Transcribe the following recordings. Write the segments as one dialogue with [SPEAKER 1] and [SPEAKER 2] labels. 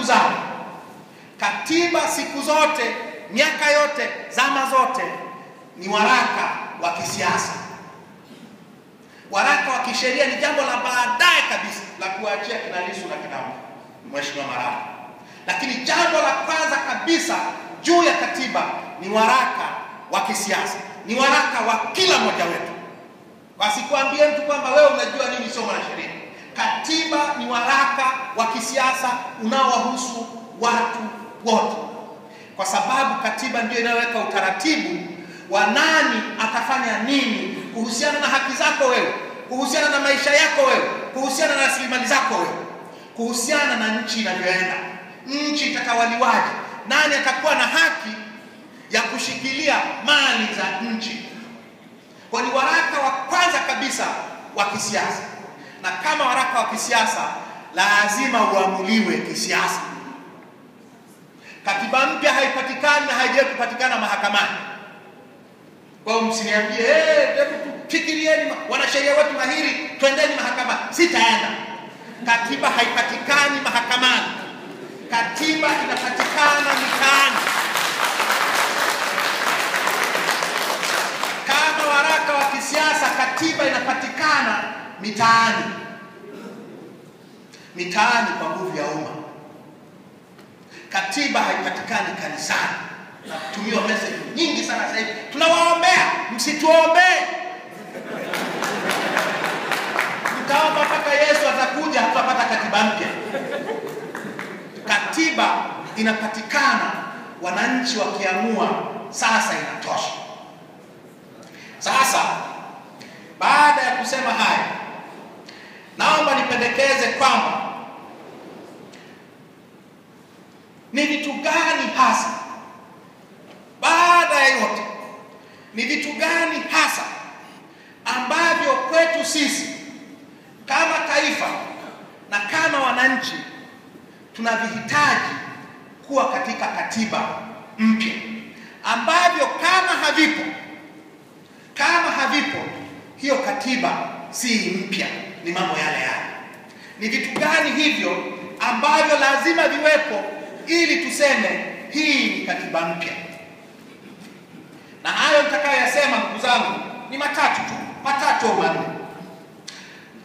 [SPEAKER 1] ndugu zangu, katiba siku zote, miaka yote, zama zote ni waraka wa kisiasa. Waraka wa kisheria ni jambo la baadaye kabisa la kuachia kina Lissu na kina Mheshimiwa Maraga, lakini jambo la kwanza kabisa juu ya katiba ni waraka wa kisiasa, ni waraka wa kila mmoja wetu. Wasikuambie mtu kwamba wewe unajua nini, sio mwanasheria Katiba ni waraka wa kisiasa unaowahusu watu wote, kwa sababu katiba ndio inayoweka utaratibu wa nani atafanya nini kuhusiana na haki zako wewe, kuhusiana na maisha yako wewe, kuhusiana na rasilimali zako wewe, kuhusiana na nchi inavyoenda, nchi itatawaliwaje, nani atakuwa na haki ya kushikilia mali za nchi. Kwa ni waraka wa kwanza kabisa wa kisiasa na kama waraka wa kisiasa lazima uamuliwe kisiasa. Katiba mpya haipatikani na haijawahi kupatikana mahakamani. Kwa hiyo msiniambie eh, hebu fikirieni, wanasheria wetu mahiri, twendeni mahakamani. Sitaenda. Katiba haipatikani mahakamani, katiba inapatikana mitaani. Kama waraka wa kisiasa, katiba inapatikana mitaani, mitaani kwa nguvu ya umma. Katiba haipatikani kanisani. Natumiwa message nyingi sana sasa hivi, tunawaombea. Msituombee, mtaomba mpaka Yesu atakuja, hatutapata katiba mpya. Katiba inapatikana wananchi wakiamua, sasa inatosha. Sasa baada ya kusema haya nipendekeze kwamba ni vitu gani hasa, baada ya yote, ni vitu gani hasa ambavyo kwetu sisi kama taifa na kama wananchi tunavihitaji kuwa katika katiba mpya, ambavyo kama havipo, kama havipo, hiyo katiba si mpya, ni mambo yale yale. Ni vitu gani hivyo ambavyo lazima viwepo ili tuseme hii ni katiba mpya? Na hayo nitakayoyasema ndugu zangu ni matatu tu, matatu au manne.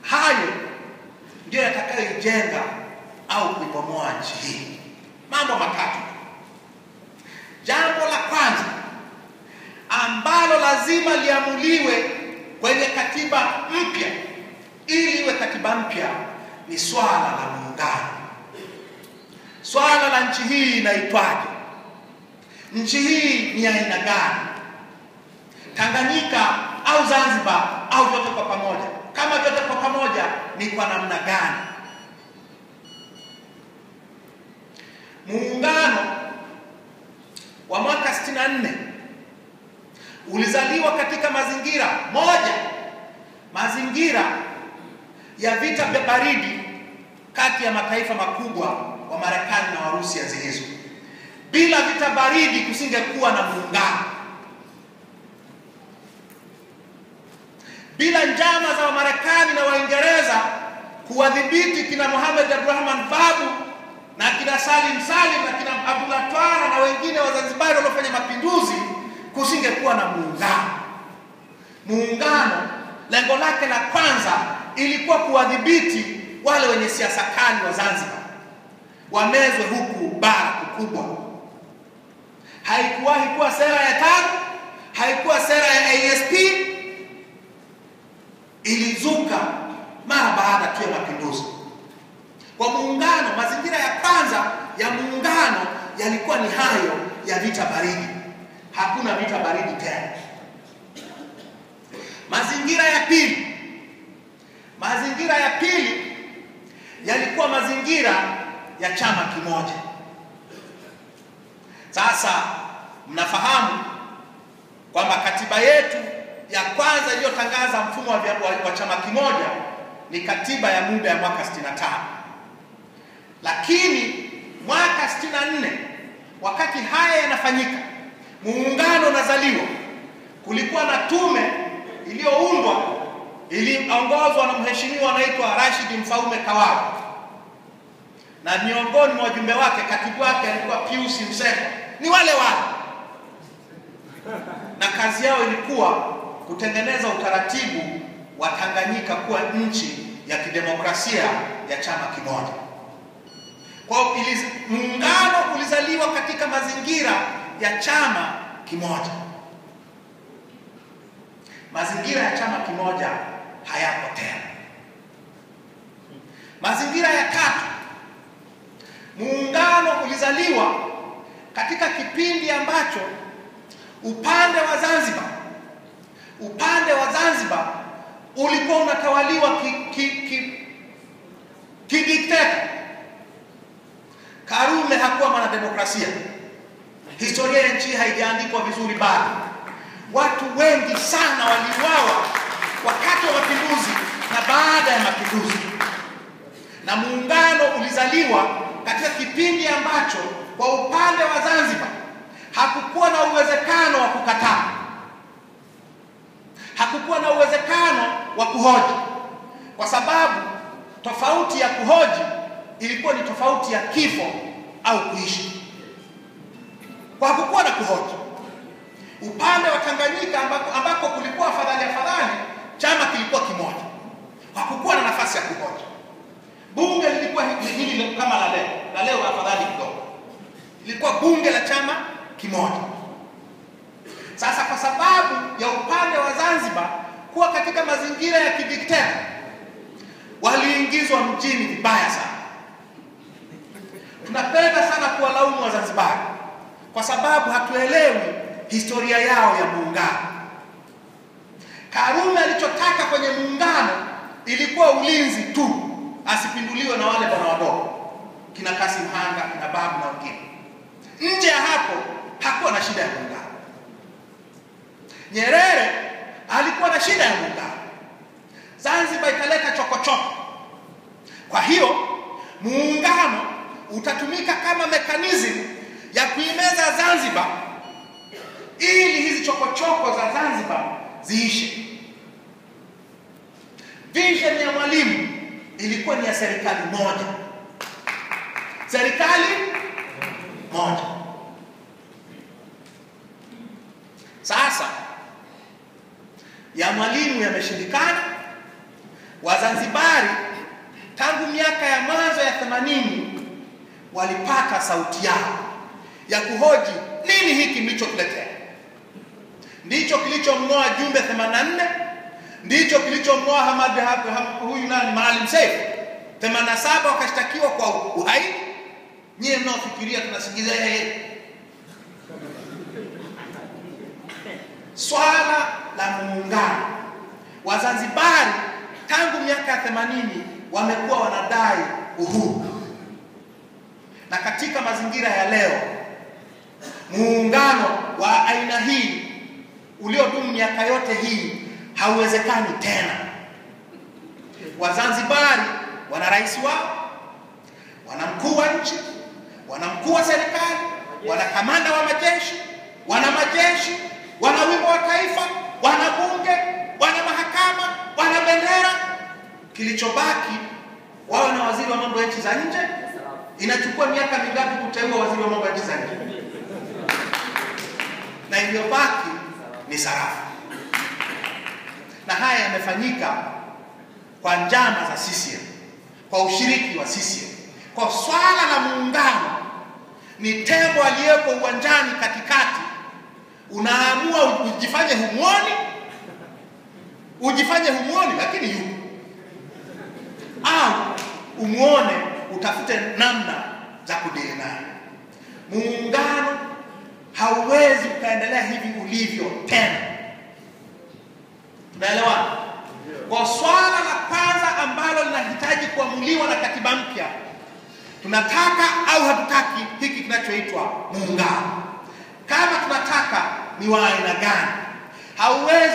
[SPEAKER 1] Hayo ndiyo yatakayoijenga au kuibomoa nchi hii, mambo matatu. Jambo la kwanza ambalo lazima liamuliwe kwenye katiba mpya ili iwe katiba mpya ni swala la muungano. Swala la nchi hii inaitwaje? Nchi hii ni aina gani? Tanganyika au Zanzibar au vyote kwa pamoja? Kama vyote kwa pamoja, ni kwa namna gani? Muungano wa mwaka 64 ulizaliwa katika mazingira moja, mazingira ya vita vya baridi kati ya mataifa makubwa wa Marekani na Warusi zilizo Bila vita baridi kusingekuwa na muungano. Bila njama za Wamarekani na Waingereza kuwadhibiti kina Mohamed abdurahman Babu na kina Salim Salim na kina Abdullah Twala na wengine Wazanzibari waliofanya mapinduzi, kusingekuwa na muungano. Muungano lengo lake la kwanza ilikuwa kuwadhibiti wale wenye siasa kali wa Zanzibar wamezwe huku bara kukubwa. Haikuwahi kuwa sera ya TANU, haikuwa sera ya ASP, ilizuka mara baada tu ya mapinduzi kwa muungano. Mazingira ya kwanza ya muungano yalikuwa ni hayo ya vita baridi. Hakuna vita baridi tena. Mazingira ya pili, mazingira ya pili yalikuwa mazingira ya chama kimoja. Sasa mnafahamu kwamba katiba yetu ya kwanza iliyotangaza mfumo wa, wa, wa chama kimoja ni katiba ya muda ya mwaka 65 lakini mwaka 64 wakati haya yanafanyika muungano unazaliwa kulikuwa na tume iliyoundwa iliongozwa na mheshimiwa anaitwa Rashid Mfaume Kawawa, na miongoni mwa wajumbe wake katibu wake alikuwa Pius Msekwa, ni wale wale na kazi yao ilikuwa kutengeneza utaratibu wa Tanganyika kuwa nchi ya kidemokrasia ya chama kimoja. Kwa hiyo muungano ulizaliwa katika mazingira ya chama kimoja, mazingira ya chama kimoja hayapo tena. Mazingira ya tatu, muungano ulizaliwa katika kipindi ambacho upande wa Zanzibar upande wa Zanzibar ulikuwa unatawaliwa kidikteta ki, ki, ki Karume hakuwa mwanademokrasia. Historia ya nchi haijaandikwa vizuri bado. Watu wengi sana waliuawa wakati wa mapinduzi na baada ya mapinduzi, na muungano ulizaliwa katika kipindi ambacho kwa upande wa Zanzibar hakukuwa na uwezekano wa kukataa, hakukuwa na uwezekano wa kuhoji, kwa sababu tofauti ya kuhoji ilikuwa ni tofauti ya kifo au kuishi. Kwa hakukuwa na kuhoji upande wa Tanganyika ambako, ambako kulikuwa hakukuwa na nafasi ya kuhoja. Bunge lilikuwa hili kama la leo, la leo afadhali kidogo, lilikuwa bunge la chama kimoja. Sasa kwa sababu ya upande wa Zanzibar kuwa katika mazingira ya kidikteta, waliingizwa mjini vibaya sana. Tunapenda sana kuwalaumu Wazanzibari kwa sababu hatuelewi historia yao ya muungano. Karume alichotaka kwenye muungano ilikuwa ulinzi tu, asipinduliwe na wale bwana wadogo kina kasi mhanga kina Babu na wengine. Nje ya hapo hakuwa na shida ya muungano. Nyerere alikuwa na shida ya muungano, Zanzibar italeta chokochoko. Kwa hiyo muungano utatumika kama mekanizmu ya kuimeza Zanzibar ili hizi chokochoko za Zanzibar ziishe. Vision ya Mwalimu ilikuwa ni ya serikali moja, serikali moja. Sasa ya Mwalimu yameshindikana. Wazanzibari tangu miaka ya mwanzo ya 80 walipata sauti yao ya kuhoji nini hiki mlichotuletea, ndicho kilichomng'oa Jumbe 84 ndicho kilichomtoa Hamad huyu nani Maalim Seif 87 wakashtakiwa kwa uhaini. Nyie mnaofikiria tunasikiza yeye swala la muungano Wazanzibari tangu miaka ya 80 wamekuwa wanadai uhuru, na katika mazingira ya leo muungano wa aina hii uliodumu miaka yote hii hauwezekani tena. Wazanzibari wana rais wao, wana mkuu wa nchi, wana mkuu wa serikali, wana kamanda wa majeshi, wana majeshi, wana wimbo wa taifa, wana bunge, wana mahakama, wana bendera. Kilichobaki wao na waziri wa mambo ya nchi za nje. Inachukua miaka mingapi kuteua waziri wa mambo ya nchi za nje? Na iliyobaki ni sarafu na haya yamefanyika kwa njama za CCM, kwa ushiriki wa CCM, kwa swala la muungano. Ni tembo aliyepo uwanjani katikati, unaamua ujifanye humwoni, ujifanye humwoni, lakini yuko au umwone, utafute namna za kudili naye. Muungano hauwezi ukaendelea hivi ulivyo tena naelewa Kwa swala la kwanza ambalo linahitaji kuamuliwa na katiba mpya, tunataka au hatutaki hiki kinachoitwa muungano? Kama tunataka, ni wa aina gani? hauwezi